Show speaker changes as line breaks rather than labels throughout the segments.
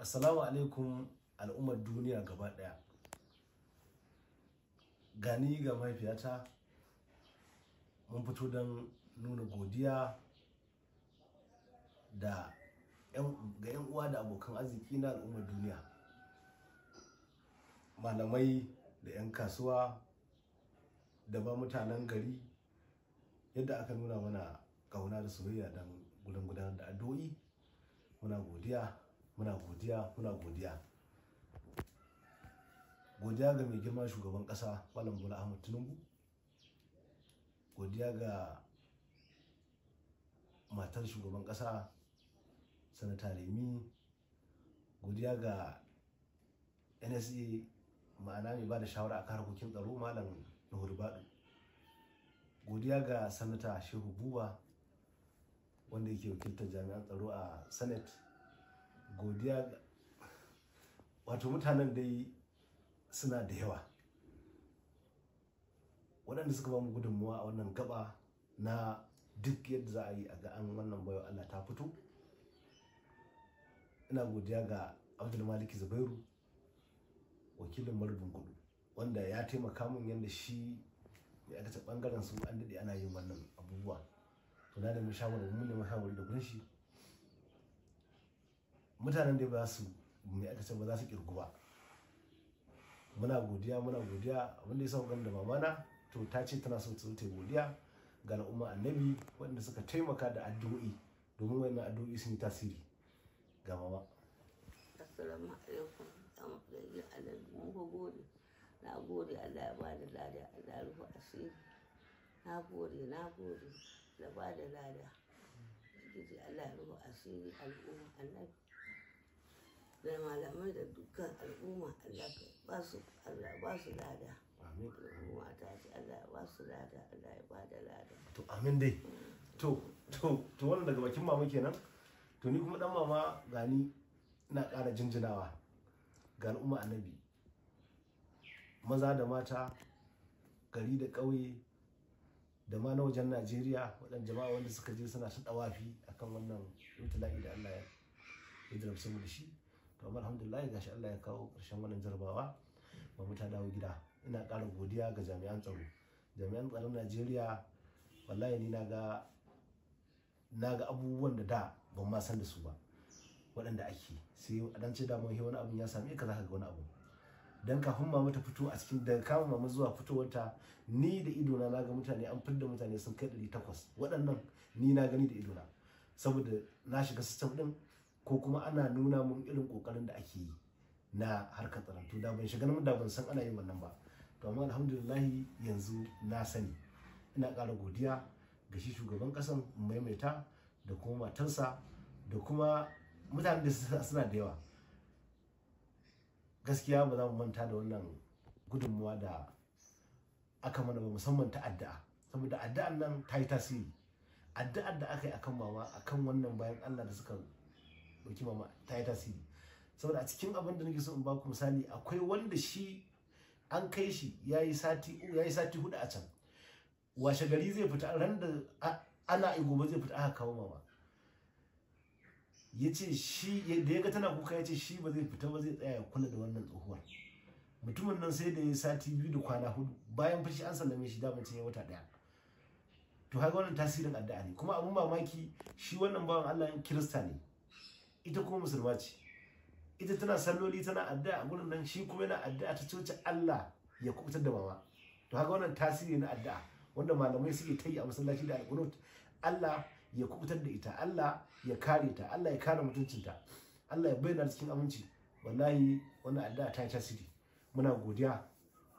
assalamu alaikum al'ummar duniya gaba daya gani ga mahaifiyata mun fito don nuna godiya da ga 'yan uwa da abokan arziki na al'ummar duniya malamai da 'yan kasuwa da ba mutanen gari yadda aka nuna mana kauna da soyayya don gudan gudanar da addu'o'i muna godiya muna godiya muna godiya godiya ga mai girma shugaban kasa malam bola ahmad tinubu godiya ga matar shugaban kasa sanata remi godiya ga nsa ma'ana mai ba da shawara akan harkokin tsaro malam nuhur baɗu godiya ga sanata shehu buba wanda yake wakiltar jami'an tsaro a senate godiya wato mutanen dai suna da yawa waɗanda suka bamu gudunmuwa a wannan gaba na duk yadda za a yi a ga an wannan bayo Allah ta fito ina godiya ga abdul maliki zubairu wakilin marubin kudu wanda ya taimaka min yadda shi ya aikata bangaren su an daɗe ana yin wannan abubuwa to na da mashawarar mun ne da gurin mutanen da ba su mai aka ce ba za su kirgu ba muna godiya muna godiya wanda ya sa gan da mamana to ta ce tana so ta godiya ga al'umma annabi wanda suka taimaka da addu'o'i domin wannan addu'o'i sun yi tasiri ga mama assalamu alaikum dan gari alal mun gode na gode Allah ya bada lada Allah ya rufe asiri na gode na gode da bada lada Allah ya rufe asiri al'umma annabi da malamai da dukkan al'umma Allah ka ba su Allah ba su lada amin al'umma ta ce Allah ya ba su lada Allah ya ba da lada to amin dai to to to wannan daga bakin mama kenan to ni kuma dan mama gani ina ƙara jinjinawa ga al'umma annabi maza da mata gari da ƙauye da ma na wajen najeriya waɗanda jama'a wanda suka je suna ta ɗawafi akan wannan mutula'i da allah ya jarabce mu da shi to amma alhamdulillah gashi Allah ya kawo ƙarshen wannan jarabawa ba mu ta dawo gida ina ƙara godiya ga jami'an tsaro jami'an tsaron Najeriya wallahi ni na ga abubuwan da da ban ma san da su ba waɗanda ake sai a dan ce da damar wani abu ya same ka zaka ga wani abu dan kafin mama ta fito a cikin daga kama mama zuwa fitowar ta ni da idona na ga mutane an da mutane sun kai 800 waɗannan ni na gani da idona saboda na shiga system din ko kuma ana nuna mun irin kokarin da ake yi na harkar tsaron to da ban shiga nan da ban san ana yin wannan ba to amma alhamdulillah yanzu na sani ina ƙara godiya ga shi shugaban ƙasan maimaita da kuma matarsa da kuma mutanen da suna da yawa gaskiya ba za mu manta da wannan gudunmuwa da aka mana ba musamman ta addu'a saboda addu'an nan ta yi tasiri addu'ar da aka yi akan mama akan wannan bayan Allah da suka dauki mama ta yi tasiri saboda a cikin abin da nake so in baku misali akwai wanda shi an kai shi ya yi sati sati hudu a can washe gari zai fita ran da ana gobe zai fita aka kawo mama ya ce shi da ya ga tana kuka ya ce shi ba zai fita ba zai tsaya ya kula da wannan tsohuwar mutumin nan sai da ya sati biyu da kwana hudu bayan fashi an sallame shi daman can ya wata daya to haka wannan tasirin addu'a ne kuma abun mamaki shi wannan bawan Allah kirista ne ita kuma musulma ce ita tana salloli tana addu'a a gurin nan shi kuma yana addu'a ta coci Allah ya kubutar da mama to haka wannan tasiri na addu'a wanda malamai suke ta yi a masallaci da alƙunut Allah ya kubutar da ita Allah ya kare ta Allah ya kare mutuncinta Allah ya bayyana cikin aminci wallahi wannan addu'a ta yi tasiri muna godiya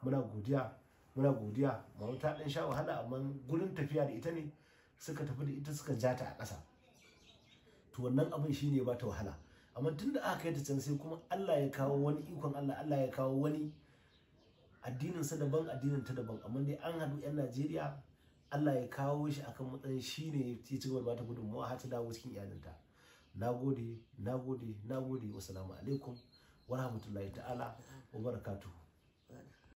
muna godiya muna godiya mamu ta dan sha wahala amma gurin tafiya da ita ne suka tafi da ita suka jata a ƙasa to wannan abin shine ba ta wahala amma tunda aka kai ta can sai kuma Allah ya kawo wani ikon Allah Allah ya kawo wani addinin sa daban addinin ta daban amma dai an haɗu yan Najeriya Allah ya kawo shi akan matsayin shine ya ci gaba bata gudunmawa har ta dawo cikin iyalinta nagode nagode nagode wassalamu alaikum wa ta'ala wa barakatuhu